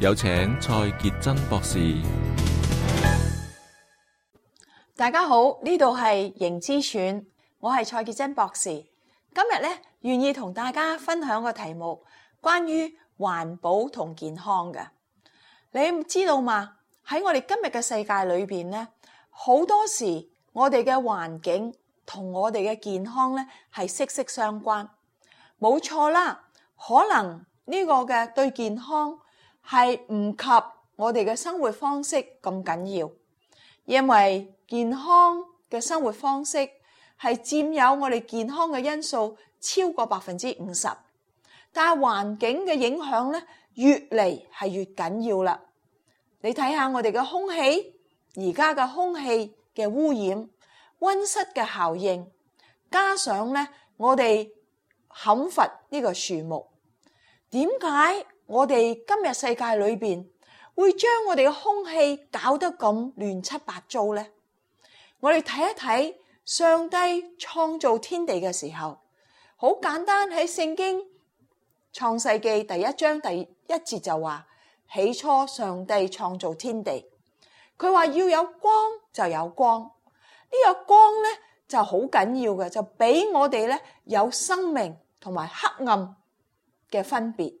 有請蔡潔真博士。大家好，呢度係盈之選，我係蔡潔真博士。今日咧，願意同大家分享個題目，關於環保同健康嘅。你知道嗎？喺我哋今日嘅世界裏邊咧，好多時我哋嘅環境同我哋嘅健康咧係息息相關，冇錯啦。可能呢個嘅對健康。係唔及我哋嘅生活方式咁緊要，因為健康嘅生活方式係佔有我哋健康嘅因素超過百分之五十，但係環境嘅影響咧越嚟係越緊要啦。你睇下我哋嘅空氣，而家嘅空氣嘅污染、溫室嘅效應，加上咧我哋砍伐呢個樹木，點解？我哋今日世界裏邊會將我哋嘅空氣搞得咁亂七八糟呢？我哋睇一睇上帝創造天地嘅時候，好簡單喺聖經創世記第一章第一節就話：起初上帝創造天地，佢話要有光就有光，呢個光呢就好緊要嘅，就俾我哋呢有生命同埋黑暗嘅分別。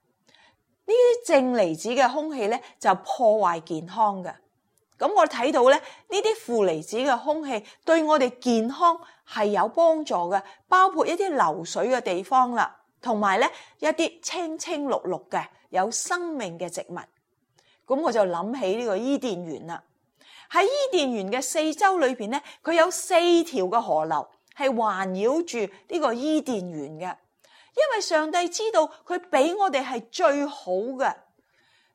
呢啲正離子嘅空氣咧就破壞健康嘅，咁我睇到咧呢啲負離子嘅空氣對我哋健康係有幫助嘅，包括一啲流水嘅地方啦，同埋咧一啲青青綠綠嘅有生命嘅植物。咁我就諗起呢個伊甸園啦，喺伊甸園嘅四周裏邊咧，佢有四條嘅河流係環繞住呢個伊甸園嘅。因為上帝知道佢俾我哋係最好嘅，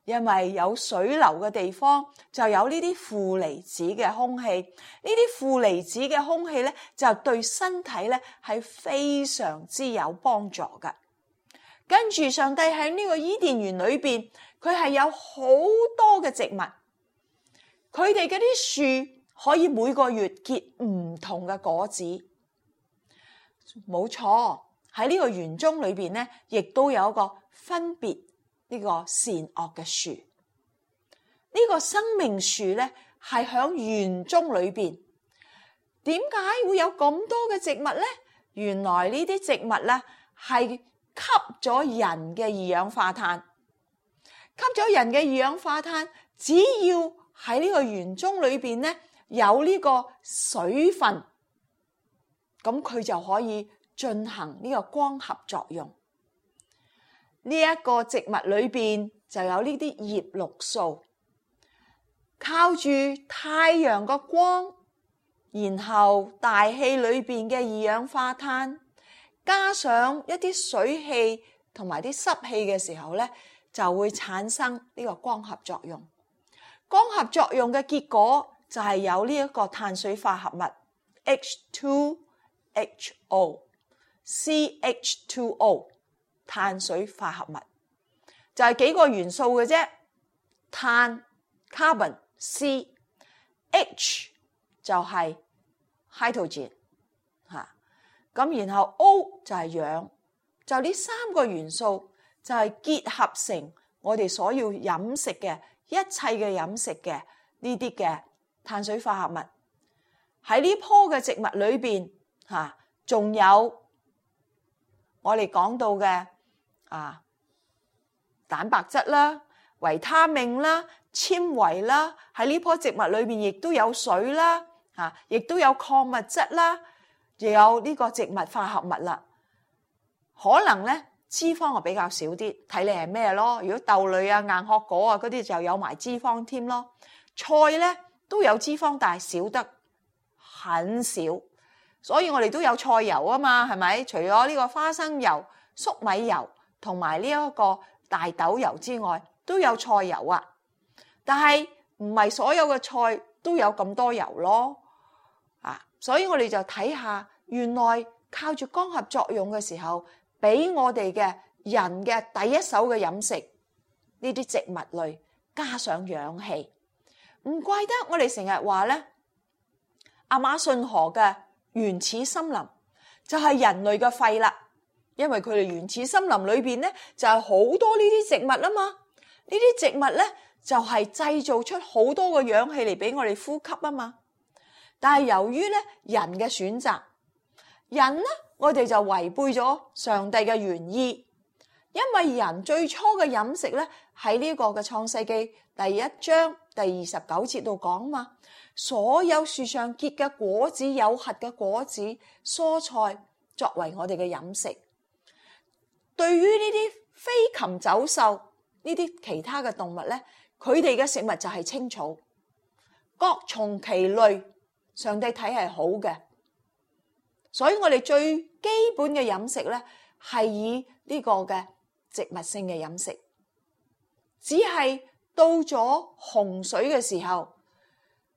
因為有水流嘅地方就有呢啲負離子嘅空氣，呢啲負離子嘅空氣咧就對身體咧係非常之有幫助㗎。跟住上帝喺呢個伊甸園裏邊，佢係有好多嘅植物，佢哋嗰啲樹可以每個月結唔同嘅果子，冇錯。喺呢個園中裏邊咧，亦都有一個分別呢個善惡嘅樹。呢個生命樹咧，係響園中裏邊。點解會有咁多嘅植物咧？原來呢啲植物咧係吸咗人嘅二氧化碳，吸咗人嘅二氧化碳，只要喺呢個園中裏邊咧有呢個水分，咁佢就可以。進行呢個光合作用，呢一個植物裏面就有呢啲葉綠素，靠住太陽個光，然後大氣裏面嘅二氧化碳，加上一啲水氣同埋啲濕氣嘅時候呢，就會產生呢個光合作用。光合作用嘅結果就係有呢一個碳水化合物 H two H O。C H two O 碳水化合物就係幾個元素嘅啫，碳 carbon，C H 就係 hydrogen 吓，咁然後 O 就係氧，就呢三個元素就係結合成我哋所要飲食嘅一切嘅飲食嘅呢啲嘅碳水化合物，喺呢棵嘅植物裏邊吓，仲有。我哋講到嘅啊，蛋白質啦、維他命啦、纖維啦，喺呢棵植物裏面亦都有水啦，亦、啊、都有礦物質啦，亦有呢個植物化合物啦。可能咧脂肪啊比較少啲，睇你係咩咯。如果豆類啊、硬殼果啊嗰啲就有埋脂肪添咯。菜咧都有脂肪，但係少得很少。所以我哋都有菜油啊嘛，係咪？除咗呢個花生油、粟米油同埋呢一個大豆油之外，都有菜油啊。但係唔係所有嘅菜都有咁多油咯？啊，所以我哋就睇下，原來靠住光合作用嘅時候，俾我哋嘅人嘅第一手嘅飲食呢啲植物類，加上氧氣，唔怪得我哋成日話咧，亞馬遜河嘅。原始森林，就是人類的肺啦。因為佢哋原始森林裏面呢，就是很多這些植物嘛。這些植物呢，就是製造出很多的氧氣來給我們呼吸嘛。但是由於呢，人的選擇。人呢，我們就違背了上帝的原意。因為人最初的飲食呢，在這個創世記第一章第二十九節度講嘛。所有樹上結的果子，有核的果子，蔬菜，作為我們的飲食。對於這些飛禽走獸，這些其他的動物呢，他們的食物就是青草。各從其類，上帝睇是好的。所以我們最基本的飲食呢，是以這個的植物性的飲食。只是到了洪水的時候，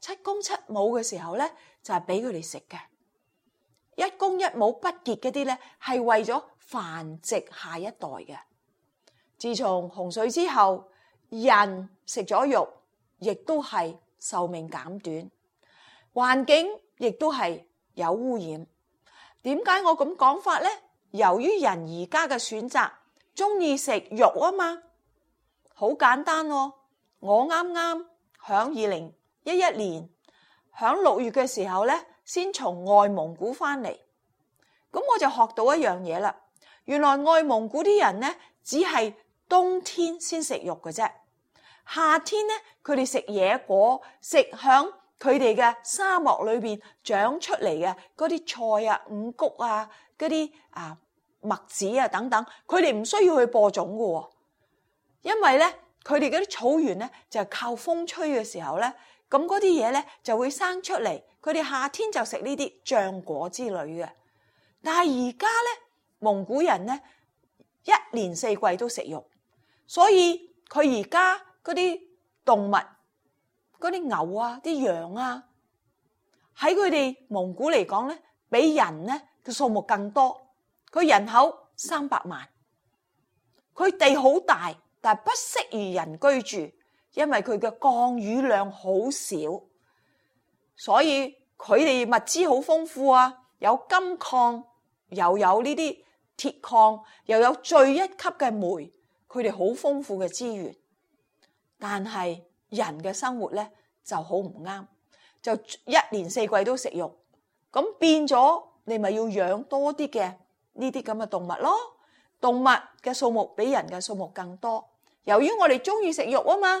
七公七母嘅時候呢，就係俾佢哋食嘅；一公一母不結嗰啲呢，係為咗繁殖下一代嘅。自從洪水之後，人食咗肉，亦都係壽命減短，環境亦都係有污染。點解我咁講法呢？由於人而家嘅選擇，中意食肉啊嘛，好簡單哦。我啱啱響二零。一一年響六月嘅時候咧，先從外蒙古翻嚟，咁我就學到一樣嘢啦。原來外蒙古啲人咧，只係冬天先食肉嘅啫，夏天咧佢哋食野果，食響佢哋嘅沙漠裏邊長出嚟嘅嗰啲菜啊、五穀啊、嗰啲啊麥子啊等等，佢哋唔需要去播種嘅喎，因為咧佢哋嗰啲草原咧就係靠風吹嘅時候咧。咁嗰啲嘢咧，就會生出嚟。佢哋夏天就食呢啲漿果之類嘅。但係而家咧，蒙古人咧，一年四季都食肉，所以佢而家嗰啲動物，嗰啲牛啊、啲羊啊，喺佢哋蒙古嚟講咧，比人咧嘅數目更多。佢人口三百萬，佢地好大，但係不適宜人居住。因為佢嘅降雨量好少，所以佢哋物資好豐富啊，有金礦，又有呢啲鐵礦，又有最一級嘅煤，佢哋好豐富嘅資源。但係人嘅生活咧就好唔啱，就一年四季都食肉，咁變咗你咪要養多啲嘅呢啲咁嘅動物咯。動物嘅數目比人嘅數目更多，由於我哋中意食肉啊嘛。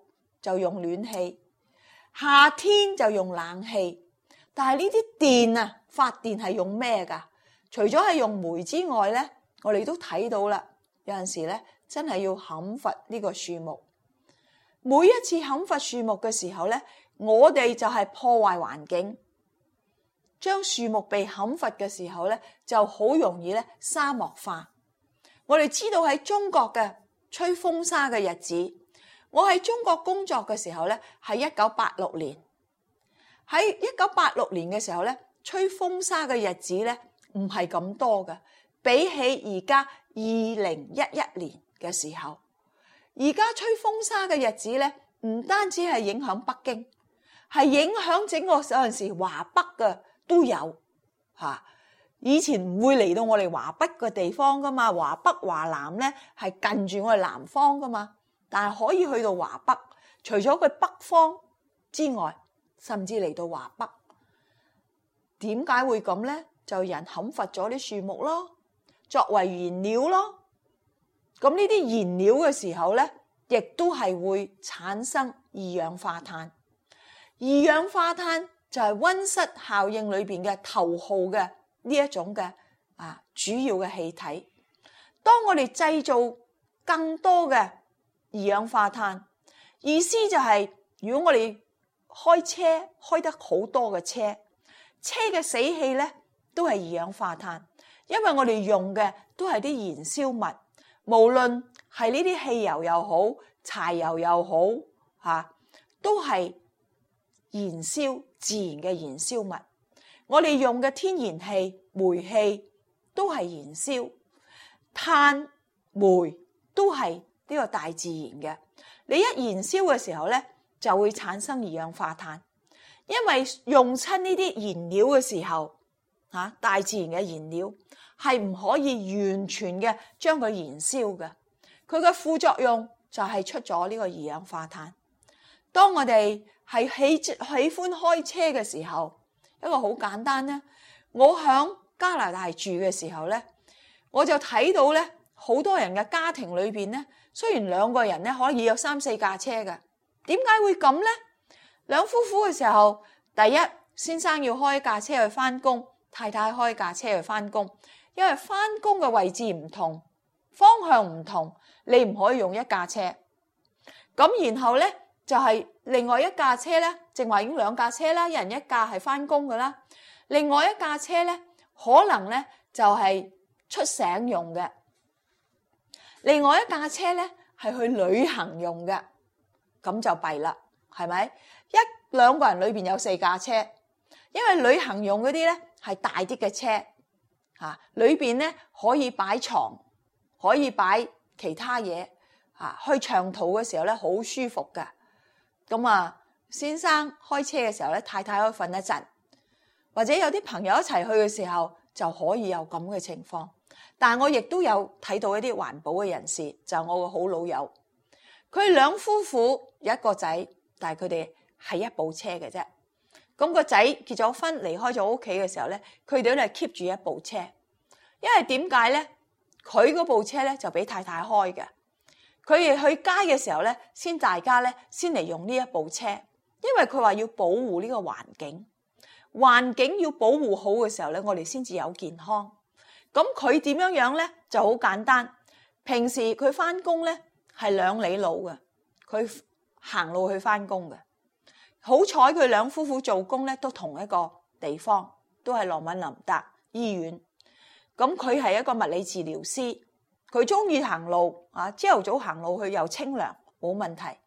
就用暖氣，夏天就用冷氣。但係呢啲電啊，發電係用咩㗎？除咗係用煤之外咧，我哋都睇到啦。有陣時咧，真係要砍伐呢個樹木。每一次砍伐樹木嘅時候咧，我哋就係破壞環境。將樹木被砍伐嘅時候咧，就好容易咧沙漠化。我哋知道喺中國嘅吹風沙嘅日子。我喺中國工作嘅時候咧，係一九八六年。喺一九八六年嘅時候咧，吹風沙嘅日子咧唔係咁多噶比起而家二零一一年嘅時候，而家吹風沙嘅日子咧唔單止係影響北京，係影響整個嗰陣時華北嘅都有吓。以前唔會嚟到我哋華北嘅地方噶嘛，華北華南咧係近住我哋南方噶嘛。但係可以去到華北，除咗佢北方之外，甚至嚟到華北，點解會咁呢？就人砍伐咗啲樹木咯，作為燃料咯。咁呢啲燃料嘅時候呢，亦都係會產生二氧化碳。二氧化碳就係温室效應裏面嘅頭號嘅呢一種嘅啊主要嘅氣體。當我哋製造更多嘅。二氧化碳意思就係、是，如果我哋開車開得好多嘅車，車嘅死氣咧都係二氧化碳，因為我哋用嘅都係啲燃燒物，無論係呢啲汽油又好，柴油又好，吓、啊、都係燃燒自然嘅燃燒物。我哋用嘅天然氣、煤氣都係燃燒，碳、煤都係。呢個大自然嘅，你一燃燒嘅時候咧，就會產生二氧化碳。因為用親呢啲燃料嘅時候，吓、啊、大自然嘅燃料係唔可以完全嘅將佢燃燒嘅，佢嘅副作用就係出咗呢個二氧化碳。當我哋係喜喜歡開車嘅時候，一個好簡單咧，我響加拿大住嘅時候咧，我就睇到咧好多人嘅家庭裏邊咧。雖然兩個人咧可以有三四架車嘅，點解會咁呢？兩夫婦嘅時候，第一先生要開架車去翻工，太太開架車去翻工，因為翻工嘅位置唔同、方向唔同，你唔可以用一架車。咁然後呢就係另外一架車呢，淨係已經兩架車啦，一人一架係翻工嘅啦，另外一架車呢可能呢就係出省用嘅。另外一架車咧係去旅行用嘅，咁就弊啦，係咪？一兩個人裏邊有四架車，因為旅行用嗰啲咧係大啲嘅車，嚇裏邊咧可以擺牀，可以擺其他嘢，嚇去長途嘅時候咧好舒服㗎。咁啊，先生開車嘅時候咧，太太可以瞓一陣，或者有啲朋友一齊去嘅時候就可以有咁嘅情況。但我亦都有睇到一啲環保嘅人士，就係我嘅好老友。佢兩夫婦有一個仔，但係佢哋係一部車嘅啫。咁個仔結咗婚離開咗屋企嘅時候咧，佢哋都係 keep 住一部車。因為點解咧？佢嗰部車咧就俾太太開嘅。佢哋去街嘅時候咧，先大家咧先嚟用呢一部車，因為佢話要保護呢個環境。環境要保護好嘅時候咧，我哋先至有健康。咁佢點樣樣咧就好簡單。平時佢翻工咧係兩里路嘅，佢行路去翻工嘅。好彩佢兩夫婦做工咧都同一個地方，都係羅敏林達醫院。咁佢係一個物理治療師，佢中意行路啊！朝頭早行路去又清涼，冇問題。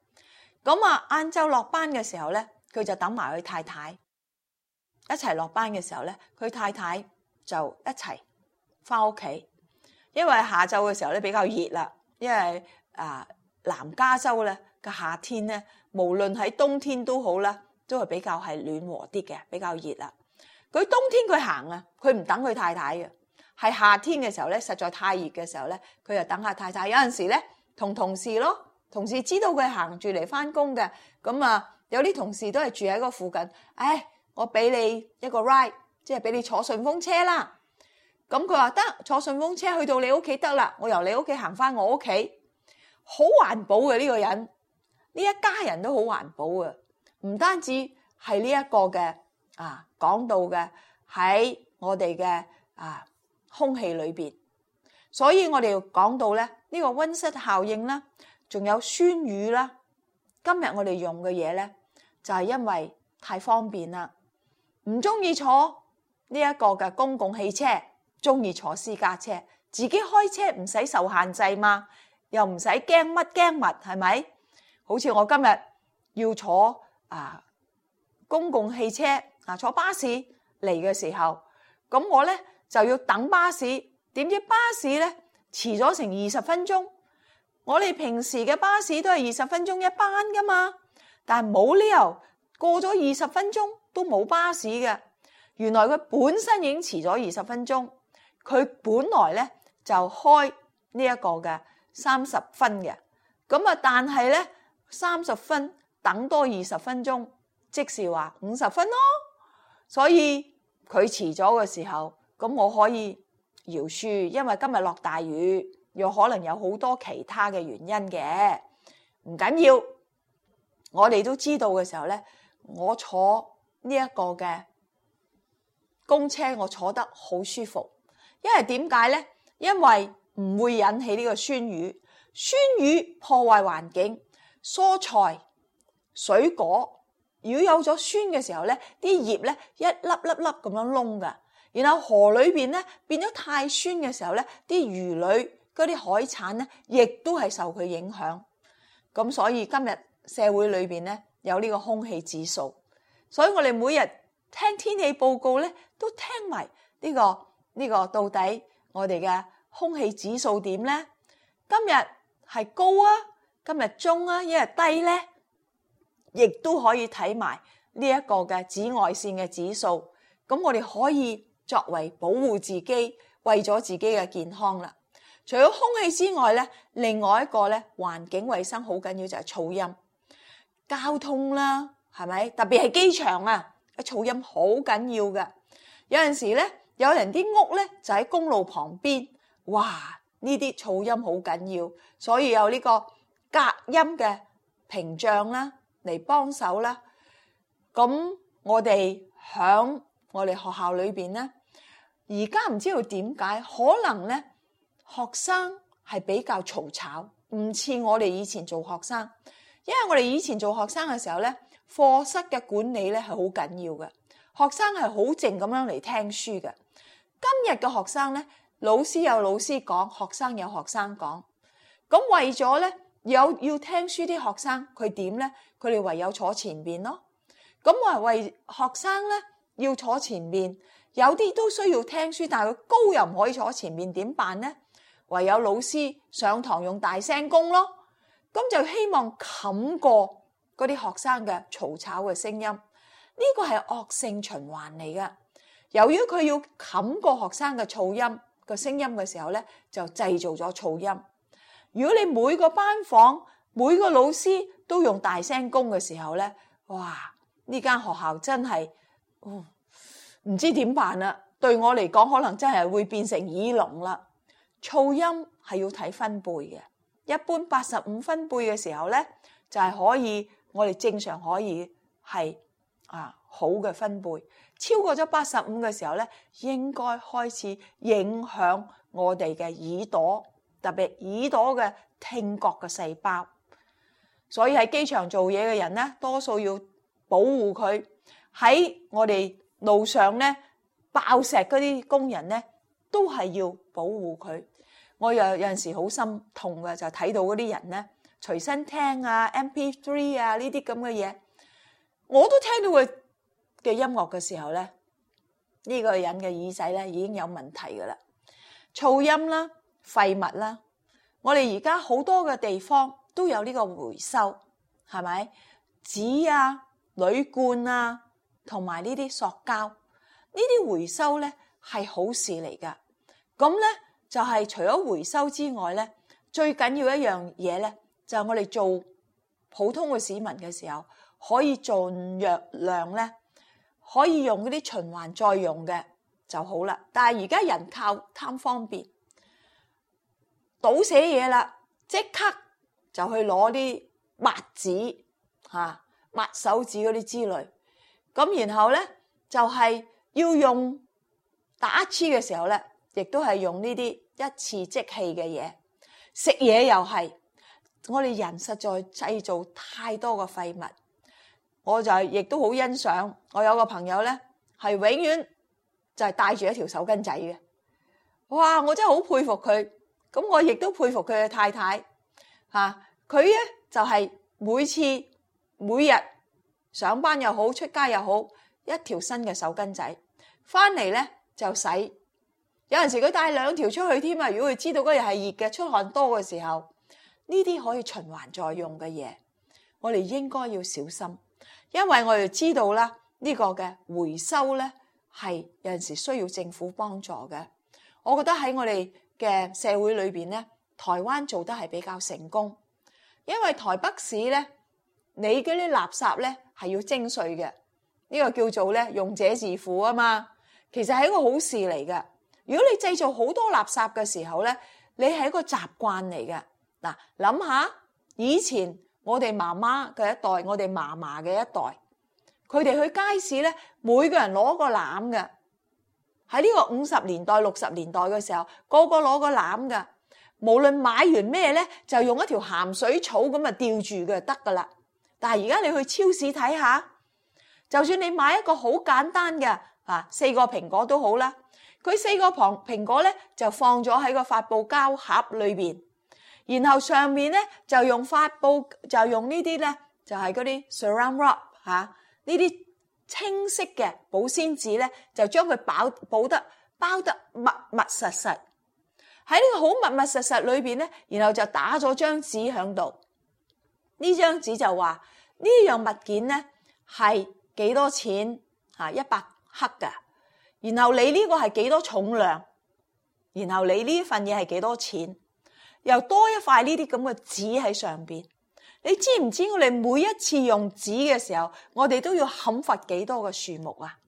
咁啊，晏晝落班嘅時候咧，佢就等埋佢太太一齊落班嘅時候咧，佢太太就一齊。翻屋企，因為下晝嘅時候咧比較熱啦，因為啊、呃、南加州咧個夏天咧，無論喺冬天都好啦，都係比較係暖和啲嘅，比較熱啦。佢冬天佢行啊，佢唔等佢太太嘅，喺夏天嘅時候咧，實在太熱嘅時候咧，佢就等下太太。有陣時咧，同同事咯，同事知道佢行住嚟翻工嘅，咁啊有啲同事都係住喺嗰附近，唉、哎，我俾你一個 ride，即係俾你坐順風車啦。咁佢話得，坐順風車去到你屋企得啦，我由你屋企行翻我屋企。好環保嘅呢個人，呢一家人都好環保嘅，唔單止係呢一個嘅啊，講到嘅喺我哋嘅啊空氣裏邊，所以我哋講到咧呢個溫室效應啦，仲有酸雨啦。今日我哋用嘅嘢咧就係因為太方便啦，唔中意坐呢一個嘅公共汽車。中意坐私家車，自己開車唔使受限制嘛，又唔使驚乜驚物，係咪？好似我今日要坐啊公共汽車啊坐巴士嚟嘅時候，咁我咧就要等巴士。點知巴士咧遲咗成二十分鐘。我哋平時嘅巴士都係二十分鐘一班噶嘛，但係冇理由過咗二十分鐘都冇巴士嘅。原來佢本身已經遲咗二十分鐘。佢本來咧就開呢一個嘅三十分嘅，咁啊但係咧三十分等多二十分鐘，即是話五十分咯。所以佢遲咗嘅時候，咁我可以饒恕，因為今日落大雨，又可能有好多其他嘅原因嘅，唔緊要。我哋都知道嘅時候咧，我坐呢一個嘅公車，我坐得好舒服。因為點解咧？因為唔會引起呢個酸雨，酸雨破壞環境。蔬菜、水果，如果有咗酸嘅時候咧，啲葉咧一粒粒粒咁樣窿噶。然後河裏邊咧變咗太酸嘅時候咧，啲魚類嗰啲海產咧，亦都係受佢影響。咁所以今日社會裏邊咧有呢個空氣指數，所以我哋每日聽天氣報告咧都聽埋呢個。呢個到底我哋嘅空氣指數點咧？今日係高啊，今日中啊，一日低咧，亦都可以睇埋呢一個嘅紫外線嘅指數。咁我哋可以作為保護自己，為咗自己嘅健康啦。除咗空氣之外咧，另外一個咧環境衛生好緊要，就係噪音、交通啦，係咪？特別係機場啊，嘅噪音好緊要嘅。有陣時咧。有人啲屋咧就喺公路旁邊，哇！呢啲噪音好緊要，所以有呢個隔音嘅屏障啦，嚟幫手啦。咁我哋響我哋學校裏邊咧，而家唔知道點解，可能咧學生係比較嘈吵，吵，唔似我哋以前做學生，因為我哋以前做學生嘅時候咧，課室嘅管理咧係好緊要嘅，學生係好靜咁樣嚟聽書嘅。今日嘅學生呢，老師有老師講，學生有學生講。咁為咗呢有要聽書啲學生，佢點呢？佢哋唯有坐前面咯。咁我係為學生呢要坐前面，有啲都需要聽書，但係佢高又唔可以坐前面，點辦呢？唯有老師上堂用大聲公咯。咁就希望冚過嗰啲學生嘅嘈吵嘅聲音。呢個係惡性循環嚟嘅。由於佢要冚過學生嘅噪音、個聲音嘅時候咧，就製造咗噪音。如果你每個班房每個老師都用大聲公嘅時候咧，哇！呢間學校真係唔、嗯、知點辦啦、啊。對我嚟講，可能真係會變成耳聾啦。噪音係要睇分貝嘅，一般八十五分貝嘅時候咧，就係、是、可以我哋正常可以係啊。好嘅分貝超過咗八十五嘅時候咧，應該開始影響我哋嘅耳朵，特別耳朵嘅聽覺嘅細胞。所以喺機場做嘢嘅人咧，多數要保護佢。喺我哋路上咧爆石嗰啲工人咧，都係要保護佢。我又有陣時好心痛嘅，就睇到嗰啲人咧隨身聽啊、MP3 啊呢啲咁嘅嘢，我都聽到佢嘅音樂嘅時候咧，呢個人嘅耳仔咧已經有問題噶啦。噪音啦，廢物啦，我哋而家好多嘅地方都有呢個回收，係咪紙啊、鋁罐啊，同埋呢啲塑膠呢啲回收咧係好事嚟噶。咁咧就係除咗回收之外咧，最緊要一樣嘢咧就係我哋做普通嘅市民嘅時候可以盡量咧。可以用嗰啲循環再用嘅就好啦，但係而家人靠貪方便，倒瀉嘢啦，即刻就去攞啲抹紙嚇抹手指嗰啲之類，咁然後咧就係要用打黐嘅時候咧，亦都係用呢啲一次即棄嘅嘢，食嘢又係我哋人實在製造太多嘅廢物。我就亦都好欣賞，我有個朋友咧係永遠就係帶住一條手巾仔嘅。哇！我真係好佩服佢，咁我亦都佩服佢嘅太太吓，佢咧就係、是、每次每日上班又好，出街又好，一條新嘅手巾仔，翻嚟咧就洗。有陣時佢帶兩條出去添啊。如果佢知道嗰日係熱嘅出汗多嘅時候，呢啲可以循環再用嘅嘢，我哋應該要小心。因為我哋知道咧，呢個嘅回收咧係有陣時需要政府幫助嘅。我覺得喺我哋嘅社會裏邊咧，台灣做得係比較成功。因為台北市咧，你嗰啲垃圾咧係要徵稅嘅，呢個叫做咧用者自負啊嘛。其實係一個好事嚟嘅。如果你製造好多垃圾嘅時候咧，你係一個習慣嚟嘅。嗱，諗下以前。我哋媽媽嘅一代，我哋嫲嫲嘅一代，佢哋去街市咧，每個人攞個籃㗎，喺呢個五十年代、六十年代嘅時候，個個攞個籃㗎，無論買完咩咧，就用一條鹹水草咁啊吊住佢就得噶啦。但係而家你去超市睇下，就算你買一個好簡單嘅啊，四個蘋果都好啦，佢四個旁蘋果咧就放咗喺個發泡膠盒裏邊。然後上面咧就用發佈，就用呢啲咧就係嗰啲 Saran Wrap 吓，呢啲清晰嘅保鮮紙咧就將佢包保得包得密密實實，喺呢個好密密實實裏邊咧，然後就打咗張紙喺度，呢張紙就話呢樣物件咧係幾多錢啊，一百克噶，然後你呢個係幾多重量，然後你呢份嘢係幾多錢？又多一塊呢啲咁嘅紙喺上邊，你知唔知我哋每一次用紙嘅時候，我哋都要砍伐幾多個樹木啊？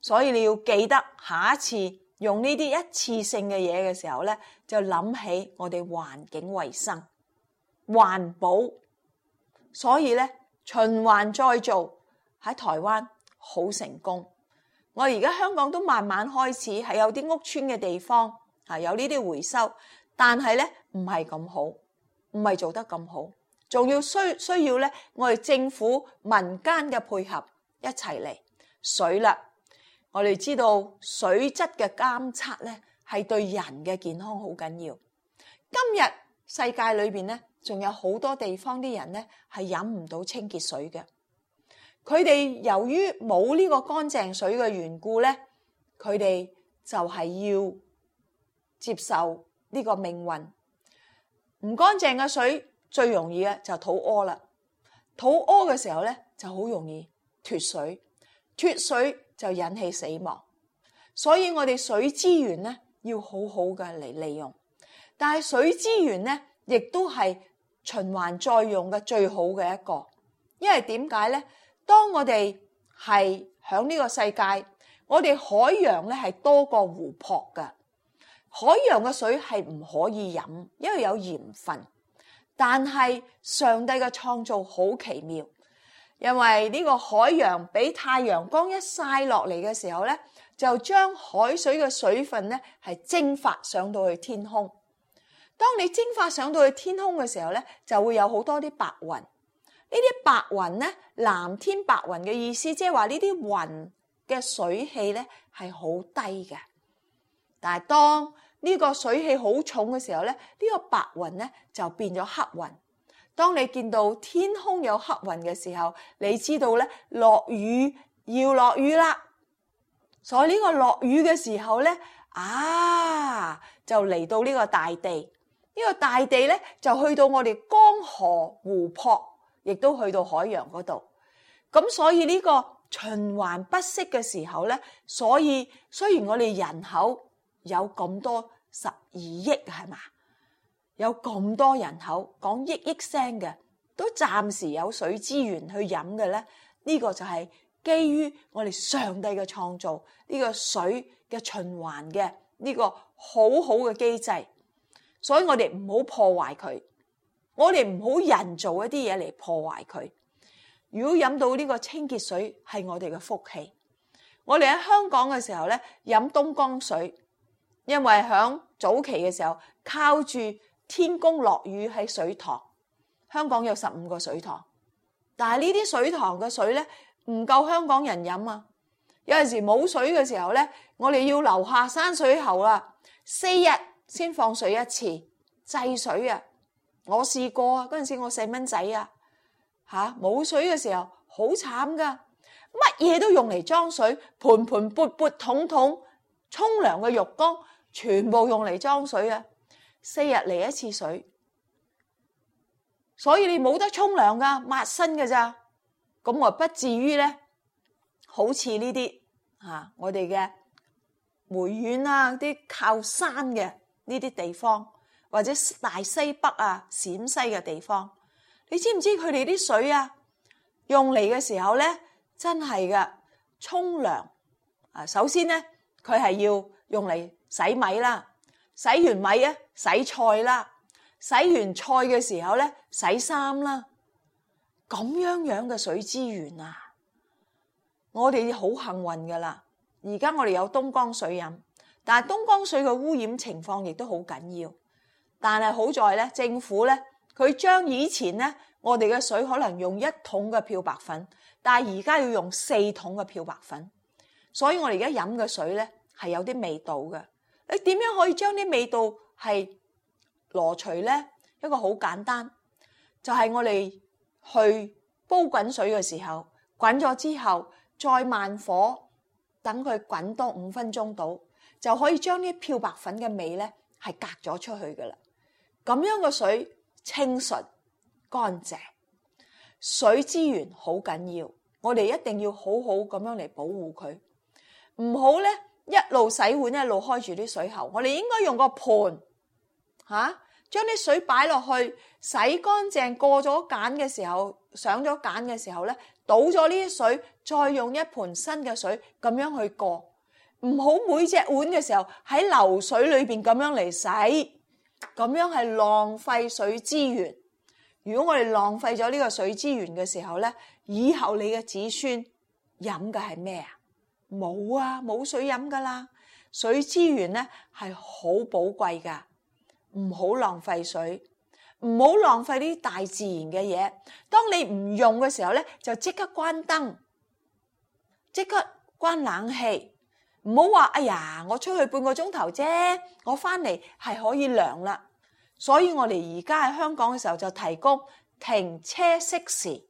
所以你要記得下一次用呢啲一次性嘅嘢嘅時候咧，就諗起我哋環境衛生環保。所以咧，循環再造喺台灣好成功，我而家香港都慢慢開始係有啲屋村嘅地方啊，有呢啲回收。但係咧，唔係咁好，唔係做得咁好，仲要需需要咧，我哋政府民間嘅配合一齊嚟。水啦，我哋知道水質嘅監測咧，係對人嘅健康好緊要。今日世界裏邊咧，仲有好多地方啲人咧係飲唔到清潔水嘅，佢哋由於冇呢個乾淨水嘅緣故咧，佢哋就係要接受。呢個命運唔乾淨嘅水最容易就肚屙啦，肚屙嘅時候咧就好容易脫水，脫水就引起死亡。所以我哋水資源咧要好好嘅嚟利用，但係水資源咧亦都係循環再用嘅最好嘅一個。因為點解咧？當我哋係響呢個世界，我哋海洋咧係多過湖泊嘅。海洋嘅水係唔可以飲，因為有鹽分。但係上帝嘅創造好奇妙，因為呢個海洋俾太陽光一曬落嚟嘅時候咧，就將海水嘅水分咧係蒸發上到去天空。當你蒸發上到去天空嘅時候咧，就會有好多啲白雲。呢啲白雲咧，藍天白雲嘅意思就是說，即係話呢啲雲嘅水氣咧係好低嘅。但係當呢個水汽好重嘅時候咧，呢個白雲咧就變咗黑雲。當你見到天空有黑雲嘅時候，你知道咧落雨，要落雨啦。所以呢個落雨嘅時候咧，啊就嚟到呢個大地，呢個大地咧就去到我哋江河湖泊，亦都去到海洋嗰度。咁所以呢個循環不息嘅時候咧，所以雖然我哋人口有咁多十二億係嘛，有咁多人口講億億聲嘅，都暫時有水資源去飲嘅咧。呢個就係基於我哋上帝嘅創造，呢個水嘅循環嘅，呢個好好嘅機制，所以我哋唔好破壞佢，我哋唔好人做一啲嘢嚟破壞佢。如果飲到呢個清潔水係我哋嘅福氣，我哋喺香港嘅時候咧飲東江水。因為響早期嘅時候，靠住天公落雨喺水塘，香港有十五個水塘，但係呢啲水塘嘅水咧唔夠香港人飲啊！有陣時冇水嘅時候咧，我哋要留下山水喉啊，四日先放水一次，制水啊！我試過我啊，嗰陣時我細蚊仔啊，吓冇水嘅時候好慘噶，乜嘢都用嚟裝水，盆盆鉢鉢桶桶，沖涼嘅浴缸。全部用嚟裝水啊！四日嚟一次水，所以你冇得沖涼噶，抹身㗎咋？咁我唔不至於咧，好似呢啲嚇我哋嘅梅縣啦，啲靠山嘅呢啲地方，或者大西北啊、陝西嘅地方，你知唔知佢哋啲水啊？用嚟嘅時候咧，真係㗎沖涼啊！首先咧，佢係要用嚟。洗米啦，洗完米啊，洗菜啦，洗完菜嘅時候咧，洗衫啦，咁樣樣嘅水資源啊，我哋好幸運㗎喇。而家我哋有東江水飲，但係東江水嘅污染情況亦都好緊要。但係好在咧，政府咧佢將以前咧我哋嘅水可能用一桶嘅漂白粉，但係而家要用四桶嘅漂白粉，所以我哋而家飲嘅水咧係有啲味道嘅。你點樣可以將啲味道係羅除呢？一個好簡單，就係我哋去煲滾水嘅時候，滾咗之後，再慢火等佢滾多五分鐘到，就可以將啲漂白粉嘅味呢係隔咗出去噶啦。咁樣嘅水清純乾淨，水資源好緊要，我哋一定要好好咁樣嚟保護佢，唔好呢。一路洗碗，一路開住啲水喉。我哋應該用個盆，吓將啲水擺落去洗乾淨，過咗梘嘅時候，上咗梘嘅時候咧，倒咗呢啲水，再用一盆新嘅水咁樣去過，唔好每隻碗嘅時候喺流水裏邊咁樣嚟洗，咁樣係浪費水資源。如果我哋浪費咗呢個水資源嘅時候咧，以後你嘅子孫飲嘅係咩啊？冇啊，冇水飲噶啦！水資源咧係好寶貴噶，唔好浪費水，唔好浪費呢啲大自然嘅嘢。當你唔用嘅時候咧，就即刻關燈，即刻關冷氣。唔好話哎呀，我出去半個鐘頭啫，我翻嚟係可以涼啦。所以我哋而家喺香港嘅時候就提供停車熄匙，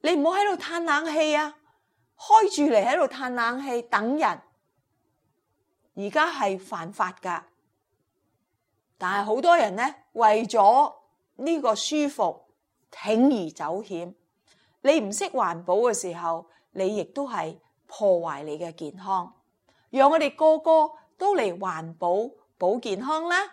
你唔好喺度嘆冷氣啊！開住嚟，喺度嘆冷氣等人，而家係犯法噶。但係好多人呢，為咗呢個舒服，鋌而走險。你唔識環保嘅時候，你亦都係破壞你嘅健康。讓我哋個個都嚟環保、保健康啦！